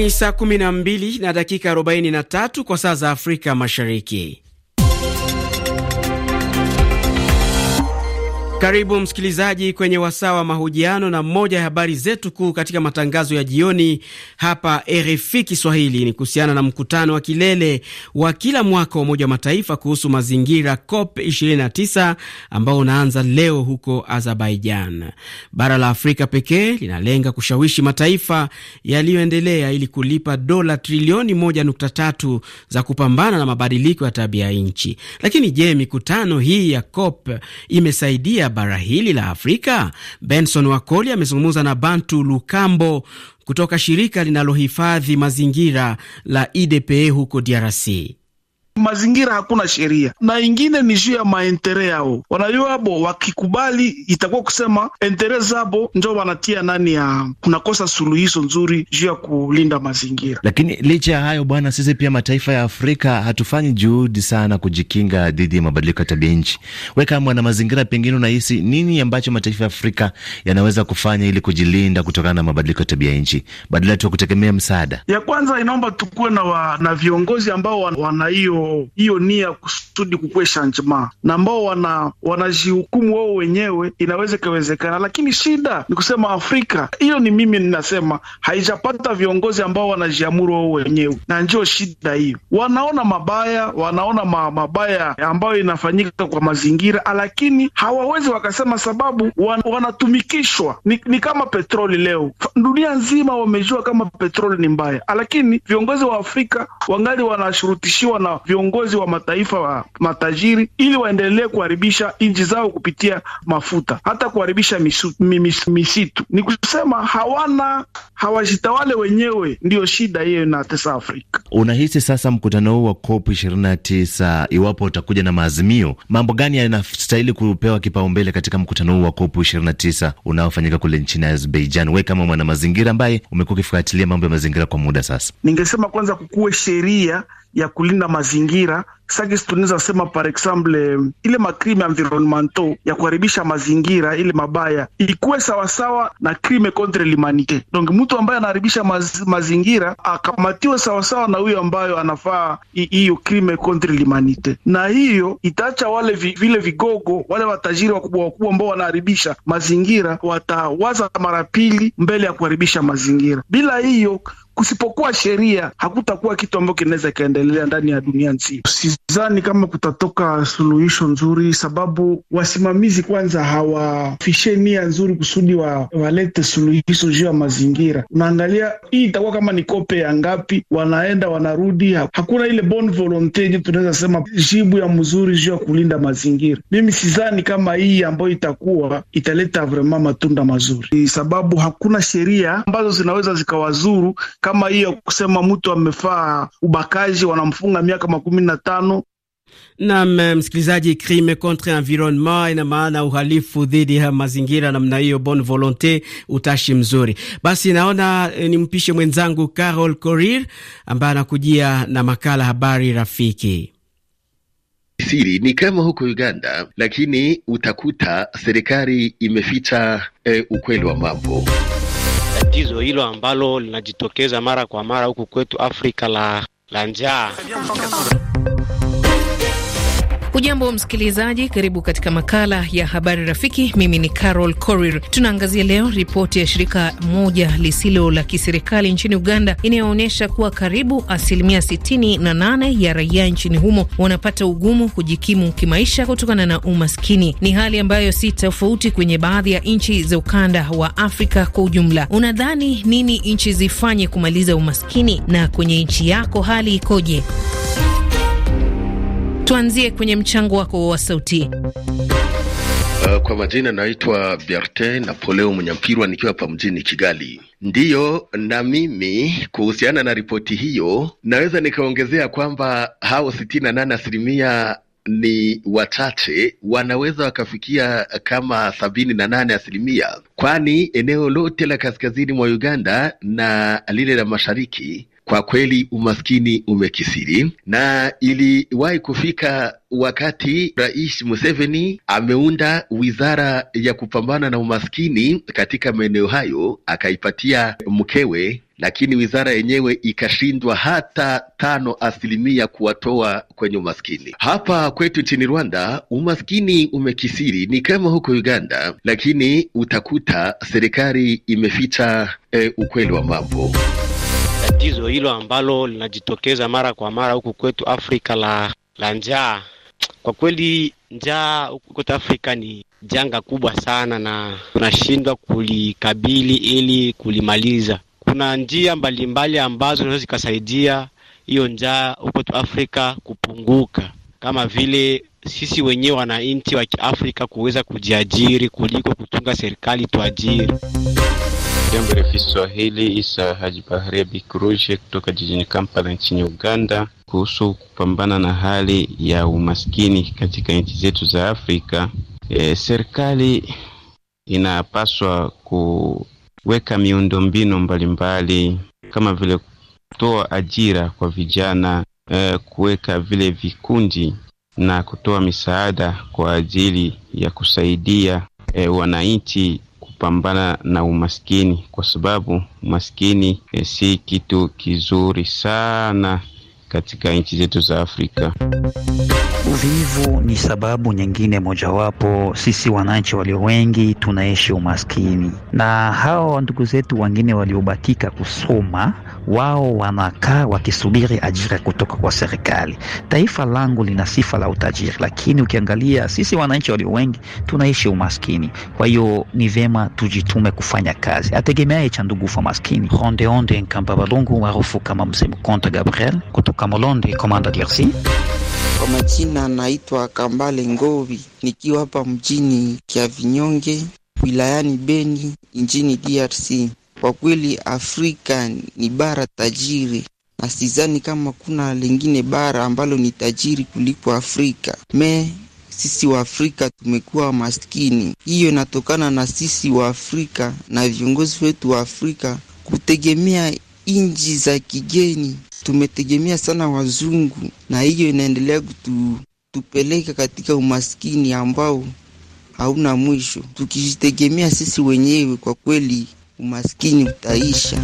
Ni saa 12 na dakika 43 kwa saa za Afrika Mashariki. Karibu msikilizaji kwenye wasaa wa mahojiano, na mmoja ya habari zetu kuu katika matangazo ya jioni hapa RFI Kiswahili ni kuhusiana na mkutano wa kilele wa kila mwaka wa Umoja wa Mataifa kuhusu mazingira COP 29 ambao unaanza leo huko Azerbaijan. Bara la Afrika pekee linalenga kushawishi mataifa yaliyoendelea ili kulipa dola trilioni 1.3 za kupambana na mabadiliko ya tabia ya nchi. Lakini je, mikutano hii ya COP imesaidia bara hili la Afrika? Benson Wakoli amezungumza na Bantu Lukambo kutoka shirika linalohifadhi mazingira la IDPE huko DRC mazingira hakuna sheria, na ingine ni juu ya maentere yao. Wanajua bo wakikubali itakuwa kusema entere zabo njo wanatia nani ya kunakosa suluhisho nzuri juu ya kulinda mazingira. Lakini licha ya hayo, bwana, sisi pia mataifa ya Afrika hatufanyi juhudi sana kujikinga dhidi ya mabadiliko ya tabia nchi. We kama mwana mazingira, pengine unahisi nini ambacho mataifa ya Afrika yanaweza kufanya ili kujilinda kutokana na mabadiliko ya tabia nchi badala tu ya kutegemea msaada? Ya kwanza inaomba tukuwe na, na viongozi ambao wana hiyo hiyo nia kusudi kukwesha njema na ambao wana wanajihukumu wao wenyewe, inaweza ikawezekana, lakini shida ni kusema Afrika hiyo ni mimi ninasema haijapata viongozi ambao wanajiamuru wao wenyewe, na ndio shida hiyo. Wanaona mabaya, wanaona ma, mabaya ambayo inafanyika kwa mazingira, lakini hawawezi wakasema sababu wan, wanatumikishwa ni, ni kama petroli leo. Dunia nzima wamejua kama petroli ni mbaya, lakini viongozi wa Afrika wangali wanashurutishiwa na viongozi wa mataifa wa matajiri ili waendelee kuharibisha nchi zao kupitia mafuta, hata kuharibisha misitu. Ni kusema hawana hawajitawale wenyewe, ndiyo shida hiyo inatesa Afrika. Unahisi sasa mkutano huu wa COP 29 iwapo utakuja na maazimio, mambo gani yanastahili kupewa kipaumbele katika mkutano huu wa COP 29 unaofanyika kule nchini Azerbaijan? We kama mwanamazingira ambaye umekuwa ukifuatilia mambo ya mazingira kwa muda sasa, ningesema kwanza kukuwe sheria ya kulinda mazingira sagisi, tunaweza sema par exemple ile makrime environmental ya kuharibisha mazingira ile mabaya ikuwe sawasawa na crime contre l'humanité. Donc mtu ambaye anaharibisha maz, mazingira akamatiwe sawasawa na huyo ambayo anafaa hiyo crime contre l'humanité, na hiyo itaacha wale vi, vile vigogo wale watajiri wakubwa wakubwa ambao wanaharibisha mazingira watawaza mara pili mbele ya kuharibisha mazingira. Bila hiyo Kusipokuwa sheria, hakutakuwa kitu ambacho kinaweza kikaendelea ndani ya dunia nzima. Sidhani kama kutatoka suluhisho nzuri, sababu wasimamizi kwanza hawafishe nia nzuri kusudi wa, walete suluhisho juu ya mazingira. Unaangalia hii itakuwa kama ni kope ya ngapi, wanaenda wanarudi, hakuna ile bon volonte ji tunaweza sema jibu ya mzuri juu ya kulinda mazingira. Mimi sidhani kama hii ambayo itakuwa italeta vrema matunda mazuri, sababu hakuna sheria ambazo zinaweza zikawazuru kama hiyo kusema mtu amefaa ubakaji wanamfunga miaka makumi na tano. Nam msikilizaji, crime contre environnement ina maana uhalifu dhidi ya mazingira namna hiyo, bon volonte, utashi mzuri. Basi naona eh, nimpishe mwenzangu Carol Corir ambaye anakujia na makala habari rafiki. Siri ni kama huko Uganda, lakini utakuta serikali imeficha eh, ukweli wa mambo tatizo hilo ambalo linajitokeza mara kwa mara huku kwetu Afrika la, la njaa. Hujambo msikilizaji, karibu katika makala ya habari rafiki. Mimi ni Carol Korir. Tunaangazia leo ripoti ya shirika moja lisilo la kiserikali nchini Uganda inayoonyesha kuwa karibu asilimia 68 ya raia nchini humo wanapata ugumu kujikimu kimaisha kutokana na umaskini. Ni hali ambayo si tofauti kwenye baadhi ya nchi za ukanda wa Afrika kwa ujumla. Unadhani nini nchi zifanye kumaliza umaskini, na kwenye nchi yako hali ikoje? Tuanzie kwenye mchango wako wa sauti. Uh, kwa majina naitwa Berte Napoleo mpirwa nikiwa hapa mjini Kigali. Ndiyo, na mimi kuhusiana na ripoti hiyo naweza nikaongezea kwamba hao sitini na nane asilimia ni wachache, wanaweza wakafikia kama sabini na nane asilimia, kwani eneo lote la kaskazini mwa Uganda na lile la mashariki kwa kweli umaskini umekisiri na iliwahi kufika wakati Rais Museveni ameunda wizara ya kupambana na umaskini katika maeneo hayo, akaipatia mkewe, lakini wizara yenyewe ikashindwa hata tano asilimia kuwatoa kwenye umaskini. Hapa kwetu nchini Rwanda umaskini umekisiri, ni kama huko Uganda, lakini utakuta serikali imeficha eh, ukweli wa mambo tatizo hilo ambalo linajitokeza mara kwa mara huku kwetu Afrika la, la njaa. Kwa kweli njaa huku kwetu Afrika ni janga kubwa sana, na tunashindwa kulikabili ili kulimaliza. Kuna njia mbalimbali mbali ambazo zinaweza zikasaidia hiyo njaa huku kwetu Afrika kupunguka, kama vile sisi wenyewe wananchi wa Kiafrika kuweza kujiajiri kuliko kutunga serikali tuajiri. Jambo la Kiswahili, Isa Haji Bahari Bikruje kutoka jijini Kampala nchini Uganda, kuhusu kupambana na hali ya umaskini katika nchi zetu za Afrika. E, serikali inapaswa kuweka miundombinu mbalimbali kama vile kutoa ajira kwa vijana, e, kuweka vile vikundi na kutoa misaada kwa ajili ya kusaidia e, wananchi kupambana na umaskini, kwa sababu umaskini eh, si kitu kizuri sana katika nchi zetu za Afrika. Uvivu ni sababu nyingine mojawapo. Sisi wananchi walio wengi tunaishi umaskini, na hao ndugu zetu wengine waliobatika kusoma wao wanakaa wakisubiri ajira kutoka kwa serikali. Taifa langu lina sifa la utajiri, lakini ukiangalia sisi wananchi walio wengi tunaishi umaskini. Kwa hiyo ni vyema tujitume kufanya kazi, ategemeaye cha ndugu fa maskini. Rondeonde Nkamba Balungu maarufu kama Mzee Mkonta Gabriel kutoka Molonde Komanda, DRC. Kwa majina naitwa Kambale Ngovi, nikiwa hapa mjini Kiavinyonge wilayani Beni nchini DRC. Kwa kweli Afrika ni bara tajiri na sizani kama kuna lingine bara ambalo ni tajiri kuliko Afrika. Me sisi wa Afrika tumekuwa maskini. Hiyo inatokana na sisi wa Afrika na viongozi wetu wa Afrika kutegemea nchi za kigeni. Tumetegemea sana wazungu, na hiyo inaendelea kutupeleka katika umaskini ambao hauna mwisho. Tukijitegemea sisi wenyewe, kwa kweli umaskini utaisha.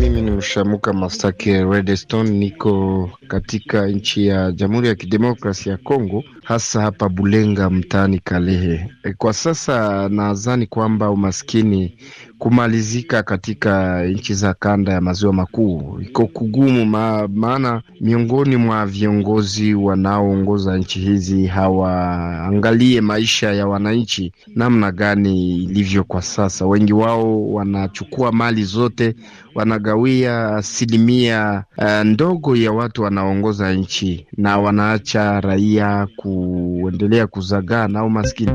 Mimi ni Mshamuka Mastake Redstone, niko katika nchi ya Jamhuri ya Kidemokrasia ya Kongo hasa hapa Bulenga mtaani Kalehe. E, kwa sasa nadhani kwamba umaskini kumalizika katika nchi za kanda ya maziwa makuu iko kugumu, maana miongoni mwa viongozi wanaoongoza nchi hizi hawaangalie maisha ya wananchi namna gani ilivyo kwa sasa. Wengi wao wanachukua mali zote, wanagawia asilimia uh, ndogo ya watu wanaoongoza nchi na wanaacha raia ku kuendelea kuzagaa na umaskini.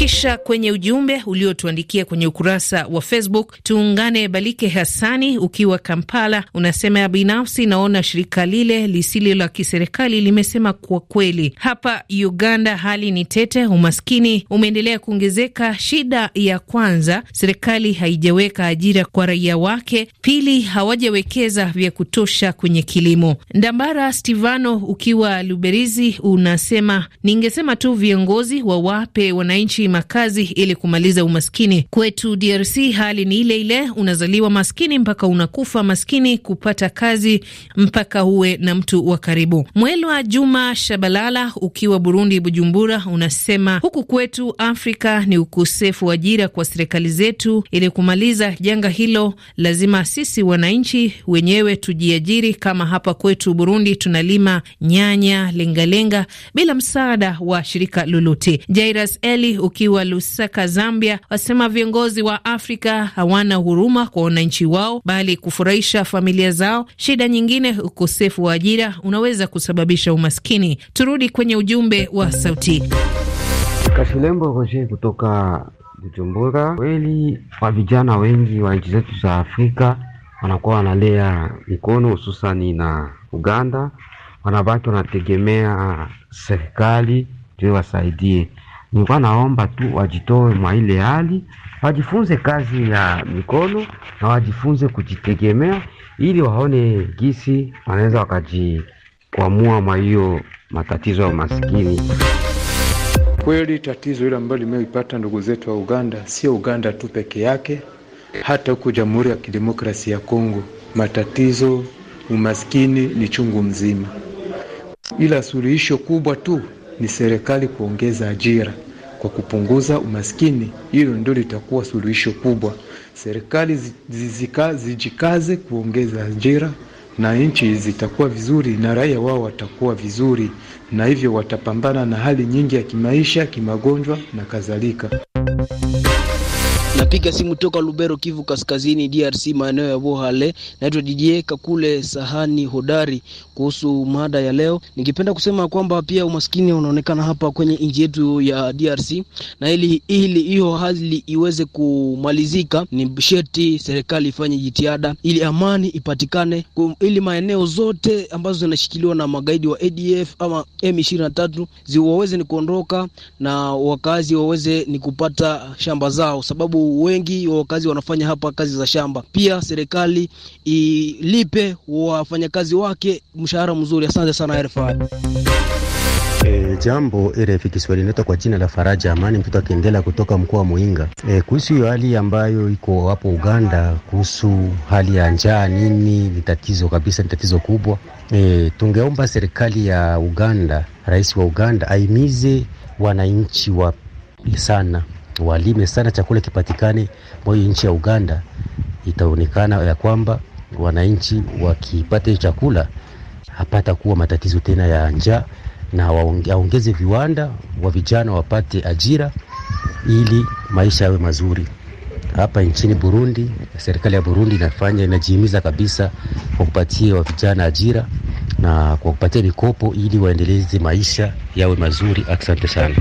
Kisha kwenye ujumbe uliotuandikia kwenye ukurasa wa Facebook, tuungane. Balike hasani ukiwa Kampala unasema, binafsi naona shirika lile lisilo la kiserikali limesema kwa kweli, hapa Uganda hali ni tete, umaskini umeendelea kuongezeka. Shida ya kwanza, serikali haijaweka ajira kwa raia wake. Pili, hawajawekeza vya kutosha kwenye kilimo. Ndambara Stivano ukiwa Luberizi unasema, ningesema tu viongozi wawape wananchi makazi ili kumaliza umaskini. Kwetu DRC hali ni ile ile, unazaliwa maskini mpaka unakufa maskini, kupata kazi mpaka uwe na mtu wa karibu. Mwelwa Juma Shabalala ukiwa Burundi, Bujumbura, unasema huku kwetu Afrika ni ukosefu wa ajira kwa serikali zetu. Ili kumaliza janga hilo, lazima sisi wananchi wenyewe tujiajiri. Kama hapa kwetu Burundi tunalima nyanya, lengalenga bila msaada wa shirika lolote. Jairas Eli ukiwa akiwa Lusaka, Zambia, wasema viongozi wa Afrika hawana huruma kwa wananchi wao, bali kufurahisha familia zao. Shida nyingine, ukosefu wa ajira unaweza kusababisha umaskini. Turudi kwenye ujumbe wa sauti. Kashilembo Roje kutoka Bujumbura. Kweli wa vijana wengi wa nchi zetu za Afrika wanakuwa wanalea mikono, hususani na Uganda, wanabaki wanategemea serikali wasaidie. Nilikuwa naomba tu wajitoe mwa ile hali, wajifunze kazi ya mikono na wajifunze kujitegemea, ili waone gisi wanaweza wakajikwamua mwa hiyo matatizo ya umaskini. Kweli tatizo hilo ambalo limeipata ndugu zetu wa Uganda, sio Uganda tu peke yake, hata huko Jamhuri ya Kidemokrasia ya Kongo matatizo umaskini ni chungu mzima, ila suluhisho kubwa tu ni serikali kuongeza ajira kwa kupunguza umaskini. Hilo ndio litakuwa suluhisho kubwa. Serikali zizika, zijikaze kuongeza ajira na nchi zitakuwa vizuri na raia wao watakuwa vizuri, na hivyo watapambana na hali nyingi ya kimaisha, kimagonjwa na kadhalika. Napiga simu toka Lubero, Kivu Kaskazini, DRC, maeneo ya Buhale. Naitwa Didier Kakule Sahani Hodari. Kuhusu mada ya leo, ningependa kusema kwamba pia umaskini unaonekana hapa kwenye nchi yetu ya DRC, na ili ili hiyo hali iweze kumalizika, ni sheti serikali ifanye jitihada ili amani ipatikane, ili maeneo zote ambazo zinashikiliwa na magaidi wa ADF ama M23 ziwaweze ni kuondoka na wakazi waweze ni kupata shamba zao sababu wengi wa wakazi wanafanya hapa kazi za shamba. Pia serikali ilipe wafanyakazi wake mshahara mzuri. Asante sana RFI. E, jambo RFI Kiswahili, inaitwa kwa jina la Faraja Amani mtoto akiendelea kutoka mkoa wa Muinga. E, kuhusu hiyo hali ambayo iko hapo Uganda, kuhusu hali ya njaa nini, ni tatizo kabisa, ni tatizo kubwa. E, tungeomba serikali ya Uganda, rais wa Uganda aimize wananchi wa sana walime sana, chakula kipatikane mwayo nchi ya Uganda, itaonekana ya kwamba wananchi wakipata hiyo chakula hapata kuwa matatizo tena ya njaa, na aongeze viwanda wa vijana wapate ajira ili maisha yawe mazuri. Hapa nchini Burundi, serikali ya Burundi inafanya inajihimiza kabisa kwa kupatia wa vijana ajira na kwa kupatia mikopo ili waendeleze maisha yawe mazuri. Asante sana.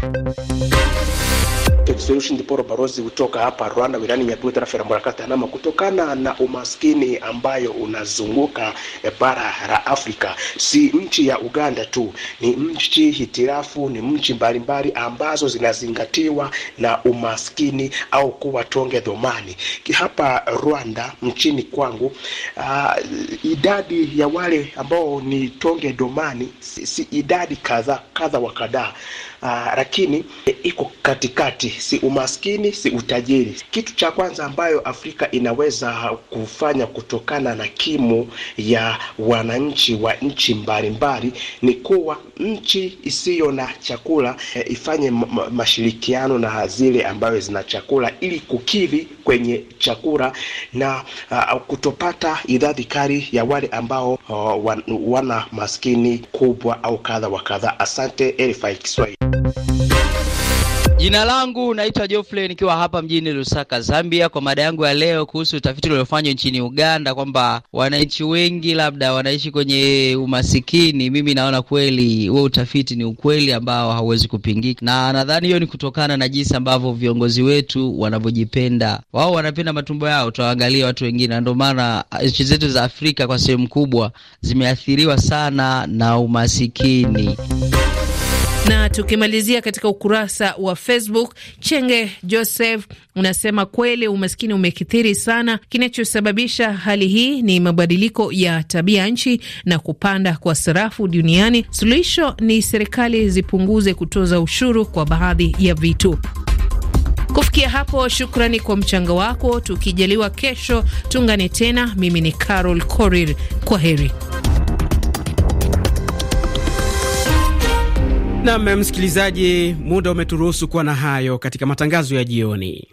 Exolution Diporo Barozi kutoka hapa Rwanda wilani Nyabihu tarafa la na kutokana na umaskini ambayo unazunguka eh, bara la Afrika. Si nchi ya Uganda tu, ni nchi hitirafu, ni nchi mbalimbali ambazo zinazingatiwa na umaskini au kuwa tonge dhomani. Hapa Rwanda nchini kwangu, uh, idadi ya wale ambao ni tonge dhomani si, si idadi kadha kadha wa kadhaa aa, ah, lakini e, iko katikati, si umaskini si utajiri. Kitu cha kwanza ambayo Afrika inaweza kufanya kutokana na kimo ya wananchi wa nchi mbalimbali ni kuwa nchi isiyo na chakula e, ifanye mashirikiano na zile ambayo zina chakula ili kukidhi kwenye chakula na uh, kutopata idadi kali ya wale ambao uh, wana maskini kubwa au kadha wa kadha. Asante RFI Kiswahili. Jina langu naitwa Geoffrey nikiwa hapa mjini Lusaka, Zambia, kwa mada yangu ya leo kuhusu utafiti uliofanywa nchini Uganda kwamba wananchi wengi labda wanaishi kwenye umasikini. Mimi naona kweli huo utafiti ni ukweli ambao hauwezi kupingika, na nadhani hiyo ni kutokana na jinsi ambavyo viongozi wetu wanavyojipenda. Wao wanapenda matumbo yao, utawaangalia watu wengine, na ndio maana nchi zetu za Afrika kwa sehemu kubwa zimeathiriwa sana na umasikini. Na tukimalizia katika ukurasa wa Facebook, Chenge Joseph unasema kweli umaskini umekithiri sana. Kinachosababisha hali hii ni mabadiliko ya tabia nchi na kupanda kwa sarafu duniani. Suluhisho ni serikali zipunguze kutoza ushuru kwa baadhi ya vitu. Kufikia hapo, shukrani kwa mchango wako. Tukijaliwa kesho tuungane tena. Mimi ni Carol Korir, kwa heri. Nam msikilizaji, muda umeturuhusu kuwa na hayo katika matangazo ya jioni.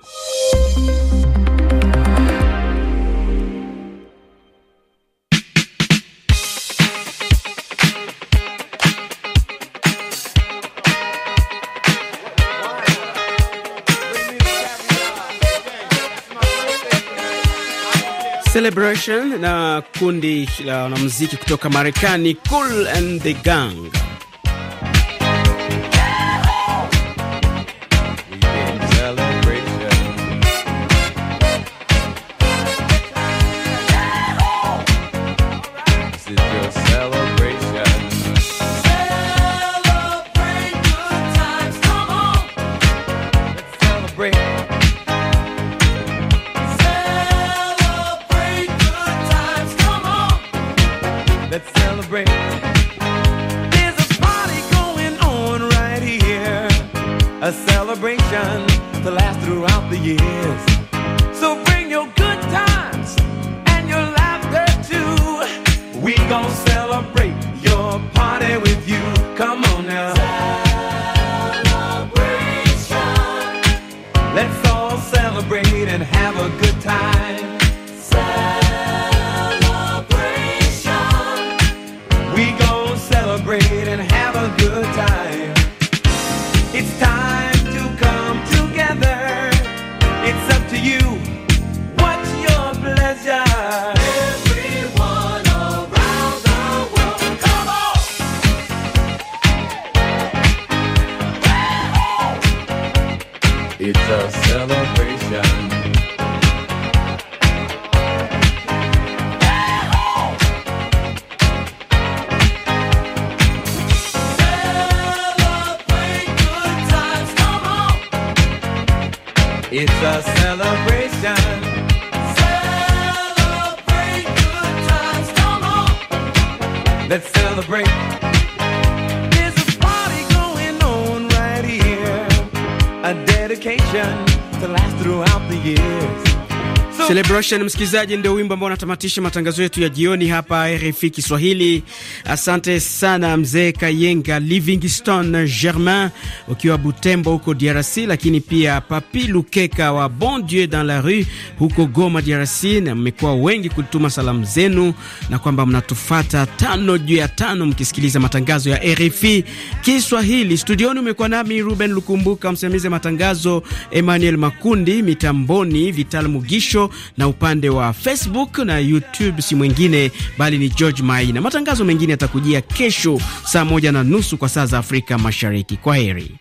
Celebration na kundi la wanamuziki kutoka Marekani, Cool and the Gang. celebrate. There's a party going on right here, a celebration to last throughout the years. So bring your good times and your laughter too. We gonna celebrate your party with you. and have a good time. It's time to come together. It's up to you. It's a celebration. Celebrate good times, come on. Let's celebrate. There's a party going on right here. A dedication to last throughout the years. Celebration, msikilizaji, ndio wimbo ambao unatamatisha matangazo yetu ya jioni hapa RFI Kiswahili. Asante sana mzee Kayenga livingstone Germain ukiwa Butembo huko DRC, lakini pia Papi Lukeka wa Bon Dieu dans la rue huko Goma DRC, na mmekuwa wengi kutuma salamu zenu na kwamba mnatufata tano juu ya tano mkisikiliza matangazo ya RFI Kiswahili. Studioni umekuwa nami Ruben Lukumbuka, msimamizi matangazo Emmanuel Makundi, mitamboni Vital Mugisho na upande wa Facebook na YouTube si mwingine bali ni George Mai, na matangazo mengine yatakujia kesho saa moja na nusu kwa saa za Afrika Mashariki. Kwa heri.